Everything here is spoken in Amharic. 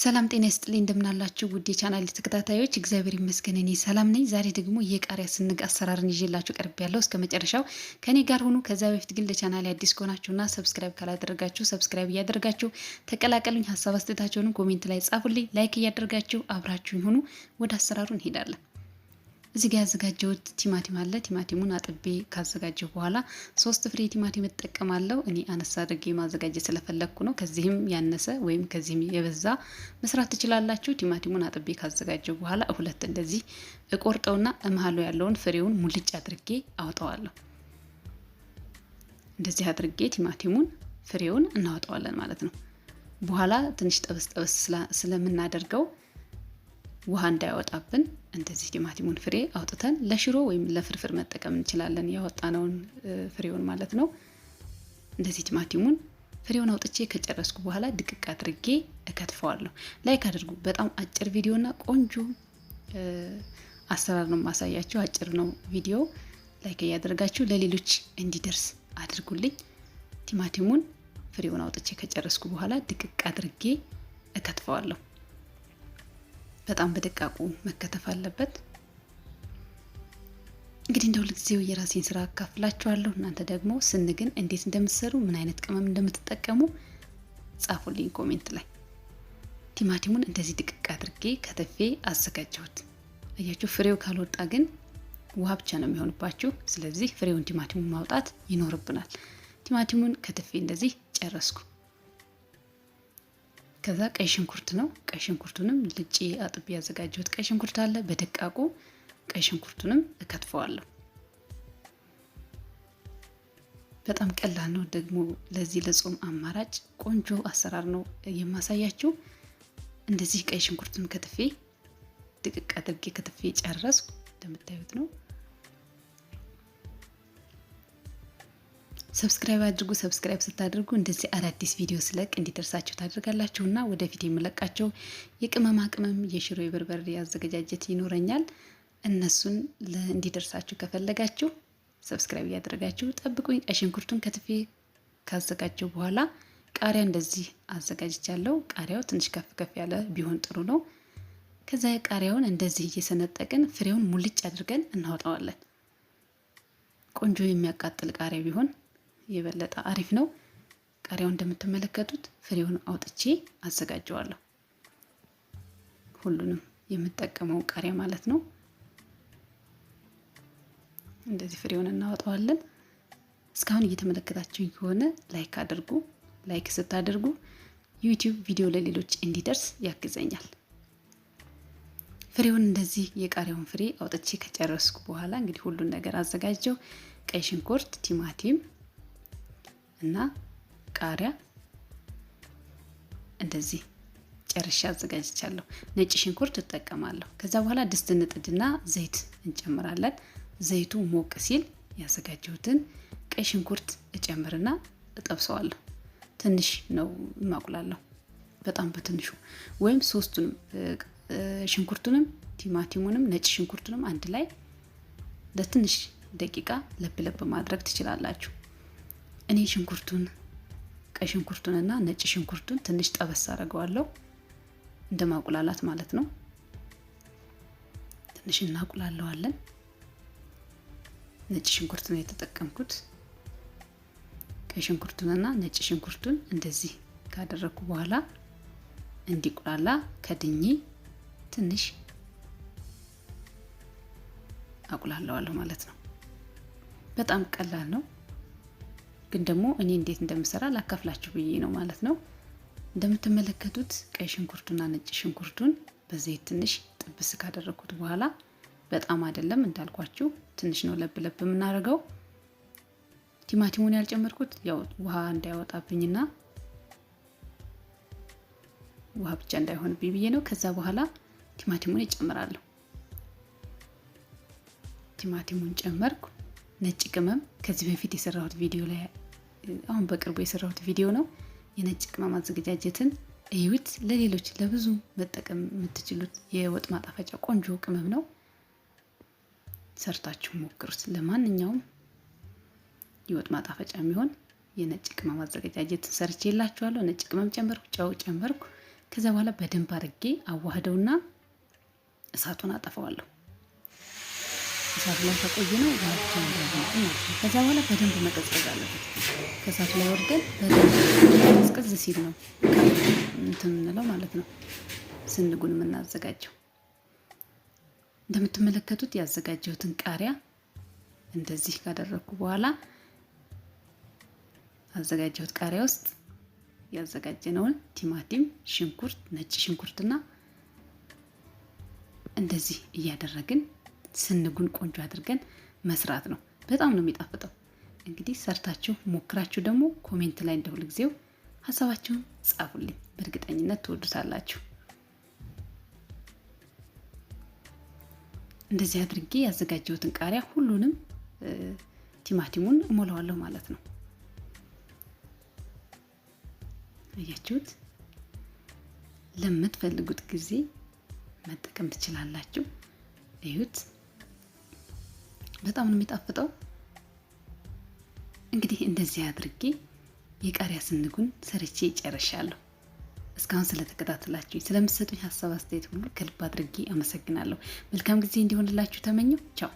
ሰላም ጤና ይስጥልኝ እንደምናላችሁ ውድ የቻናል ተከታታዮች፣ እግዚአብሔር ይመስገን እኔ ሰላም ነኝ። ዛሬ ደግሞ የቃሪያ ስንግ አሰራርን ይዤላችሁ ቀርብ ያለው እስከ መጨረሻው ከኔ ጋር ሆኑ። ከዛ በፊት ግን ለቻናል አዲስ ከሆናችሁና ሰብስክራይብ ካላደረጋችሁ ሰብስክራይብ እያደረጋችሁ ተቀላቀሉኝ። ሀሳብ አስተያየታችሁንም ኮሜንት ላይ ጻፉልኝ። ላይክ እያደረጋችሁ አብራችሁ ሁኑ። ወደ አሰራሩ እንሄዳለን። እዚህ ጋር ያዘጋጀሁት ቲማቲም አለ። ቲማቲሙን አጥቤ ካዘጋጀሁ በኋላ ሶስት ፍሬ ቲማቲም እጠቀማለሁ። እኔ አነሳ አድርጌ ማዘጋጀት ስለፈለግኩ ነው። ከዚህም ያነሰ ወይም ከዚህም የበዛ መስራት ትችላላችሁ። ቲማቲሙን አጥቤ ካዘጋጀሁ በኋላ ሁለት እንደዚህ እቆርጠውና እመሃሉ ያለውን ፍሬውን ሙልጭ አድርጌ አውጠዋለሁ። እንደዚህ አድርጌ ቲማቲሙን ፍሬውን እናወጣዋለን ማለት ነው። በኋላ ትንሽ ጠበስ ጠበስ ስለምናደርገው ውሃ እንዳይወጣብን እንደዚህ ቲማቲሙን ፍሬ አውጥተን ለሽሮ ወይም ለፍርፍር መጠቀም እንችላለን። ያወጣነውን ፍሬውን ማለት ነው። እንደዚህ ቲማቲሙን ፍሬውን አውጥቼ ከጨረስኩ በኋላ ድቅቅ አድርጌ እከትፈዋለሁ። ላይክ አድርጉ። በጣም አጭር ቪዲዮና ቆንጆ አሰራር ነው ማሳያችሁ። አጭር ነው ቪዲዮ። ላይክ እያደረጋችሁ ለሌሎች እንዲደርስ አድርጉልኝ። ቲማቲሙን ፍሬውን አውጥቼ ከጨረስኩ በኋላ ድቅቅ አድርጌ እከትፈዋለሁ። በጣም በደቃቁ መከተፍ አለበት። እንግዲህ እንደ ሁልጊዜው የራሴን ስራ አካፍላችኋለሁ። እናንተ ደግሞ ስንግን እንዴት እንደምትሰሩ ምን አይነት ቅመም እንደምትጠቀሙ ጻፉልኝ ኮሜንት ላይ። ቲማቲሙን እንደዚህ ድቅቅ አድርጌ ከተፌ አዘጋጀሁት። አያችሁ ፍሬው ካልወጣ ግን ውሃ ብቻ ነው የሚሆንባችሁ። ስለዚህ ፍሬውን ቲማቲሙን ማውጣት ይኖርብናል። ቲማቲሙን ከትፌ እንደዚህ ጨረስኩ። ከዛ ቀይ ሽንኩርት ነው። ቀይ ሽንኩርቱንም ልጭ አጥቤ ያዘጋጀሁት ቀይ ሽንኩርት አለ። በደቃቁ ቀይ ሽንኩርቱንም እከትፈዋለሁ። በጣም ቀላል ነው። ደግሞ ለዚህ ለጾም አማራጭ ቆንጆ አሰራር ነው የማሳያችሁ። እንደዚህ ቀይ ሽንኩርቱን ከትፌ ድቅቅ አድርጌ ከትፌ ጨረስኩ። እንደምታዩት ነው። ሰብስክራይብ አድርጉ። ሰብስክራይብ ስታደርጉ እንደዚህ አዳዲስ ቪዲዮ ስለቅ እንዲደርሳችሁ ታደርጋላችሁና ወደፊት የምለቃቸው የቅመማ ቅመም የሽሮ የበርበሬ አዘገጃጀት ይኖረኛል። እነሱን እንዲደርሳችሁ ከፈለጋችሁ ሰብስክራይብ እያደረጋችሁ ጠብቁኝ። ቀይ ሽንኩርቱን ከትፌ ካዘጋጀው በኋላ ቃሪያ እንደዚህ አዘጋጅቻለሁ። ቃሪያው ትንሽ ከፍ ከፍ ያለ ቢሆን ጥሩ ነው። ከዛ ቃሪያውን እንደዚህ እየሰነጠቅን ፍሬውን ሙልጭ አድርገን እናወጣዋለን። ቆንጆ የሚያቃጥል ቃሪያ ቢሆን የበለጠ አሪፍ ነው። ቃሪያው እንደምትመለከቱት ፍሬውን አውጥቼ አዘጋጀዋለሁ። ሁሉንም የምጠቀመው ቃሪያ ማለት ነው። እንደዚህ ፍሬውን እናወጣዋለን። እስካሁን እየተመለከታችሁ የሆነ ላይክ አድርጉ። ላይክ ስታደርጉ ዩቲዩብ ቪዲዮ ለሌሎች እንዲደርስ ያግዘኛል። ፍሬውን እንደዚህ የቃሪያውን ፍሬ አውጥቼ ከጨረስኩ በኋላ እንግዲህ ሁሉን ነገር አዘጋጀው። ቀይ ሽንኩርት፣ ቲማቲም እና ቃሪያ እንደዚህ ጨርሻ አዘጋጅቻለሁ። ነጭ ሽንኩርት እጠቀማለሁ። ከዛ በኋላ ድስት እንጥድና ዘይት እንጨምራለን። ዘይቱ ሞቅ ሲል ያዘጋጀሁትን ቀይ ሽንኩርት እጨምርና እጠብሰዋለሁ። ትንሽ ነው እማቁላለሁ፣ በጣም በትንሹ ወይም ሶስቱንም ሽንኩርቱንም፣ ቲማቲሙንም፣ ነጭ ሽንኩርቱንም አንድ ላይ ለትንሽ ደቂቃ ለብለብ ማድረግ ትችላላችሁ። እኔ ሽንኩርቱን ቀይ ሽንኩርቱንና ነጭ ሽንኩርቱን ትንሽ ጠበስ አድርገዋለሁ እንደ ማቁላላት ማለት ነው። ትንሽ እናቁላለዋለን። ነጭ ሽንኩርት ነው የተጠቀምኩት። ቀይ ሽንኩርቱንና ነጭ ሽንኩርቱን እንደዚህ ካደረግኩ በኋላ እንዲቁላላ ከድኜ ትንሽ አቁላለዋለሁ ማለት ነው። በጣም ቀላል ነው። ግን ደግሞ እኔ እንዴት እንደምሰራ ላካፍላችሁ ብዬ ነው ማለት ነው። እንደምትመለከቱት ቀይ ሽንኩርቱና ነጭ ሽንኩርቱን በዘይት ትንሽ ጥብስ ካደረግኩት በኋላ በጣም አይደለም እንዳልኳችሁ ትንሽ ነው ለብ ለብ የምናደርገው። ቲማቲሙን ያልጨመርኩት ያው ውሃ እንዳይወጣብኝና ውሃ ብቻ እንዳይሆንብኝ ብዬ ነው። ከዛ በኋላ ቲማቲሙን ይጨምራለሁ። ቲማቲሙን ጨመርኩ። ነጭ ቅመም ከዚህ በፊት የሰራሁት ቪዲዮ ላይ አሁን በቅርቡ የሰራሁት ቪዲዮ ነው። የነጭ ቅመም አዘገጃጀትን እዩት። ለሌሎች ለብዙ መጠቀም የምትችሉት የወጥ ማጣፈጫ ቆንጆ ቅመም ነው። ሰርታችሁ ሞክሩት። ለማንኛውም የወጥ ማጣፈጫ የሚሆን የነጭ ቅመም አዘገጃጀትን ሰርቼ የላችኋለሁ። ነጭ ቅመም ጨመርኩ፣ ጨው ጨመርኩ። ከዚያ በኋላ በደንብ አድርጌ አዋህደውና እሳቱን አጠፈዋለሁ። እሳት ላይ ተቆይ ነው ዛቱ ነው። ከዛ በኋላ በደንብ መቀዝቀዝ አለበት። ከእሳት ላይ ወርደን በደንብ ሲል ነው እንትን የምንለው ማለት ነው። ስንጉን የምናዘጋጀው እንደምትመለከቱት ያዘጋጀሁትን ቃሪያ እንደዚህ ካደረግኩ በኋላ አዘጋጀሁት ቃሪያ ውስጥ ያዘጋጀነውን ቲማቲም፣ ሽንኩርት፣ ነጭ ሽንኩርትና እንደዚህ እያደረግን ስንጉን ቆንጆ አድርገን መስራት ነው። በጣም ነው የሚጣፍጠው። እንግዲህ ሰርታችሁ ሞክራችሁ ደግሞ ኮሜንት ላይ እንደ ሁልጊዜው ሀሳባችሁን ጻፉልኝ። በእርግጠኝነት ትወዱታላችሁ። እንደዚህ አድርጌ ያዘጋጀሁትን ቃሪያ ሁሉንም ቲማቲሙን እሞላዋለሁ ማለት ነው። አያችሁት? ለምትፈልጉት ጊዜ መጠቀም ትችላላችሁ። እዩት። በጣም ነው የሚጣፍጠው። እንግዲህ እንደዚህ አድርጌ የቃሪያ ስንጉን ሰርቼ ጨርሻለሁ። እስካሁን ስለተከታተላችሁ ስለምትሰጡኝ ሀሳብ አስተያየት ሁሉ ከልብ አድርጌ አመሰግናለሁ። መልካም ጊዜ እንዲሆንላችሁ ተመኘው። ቻው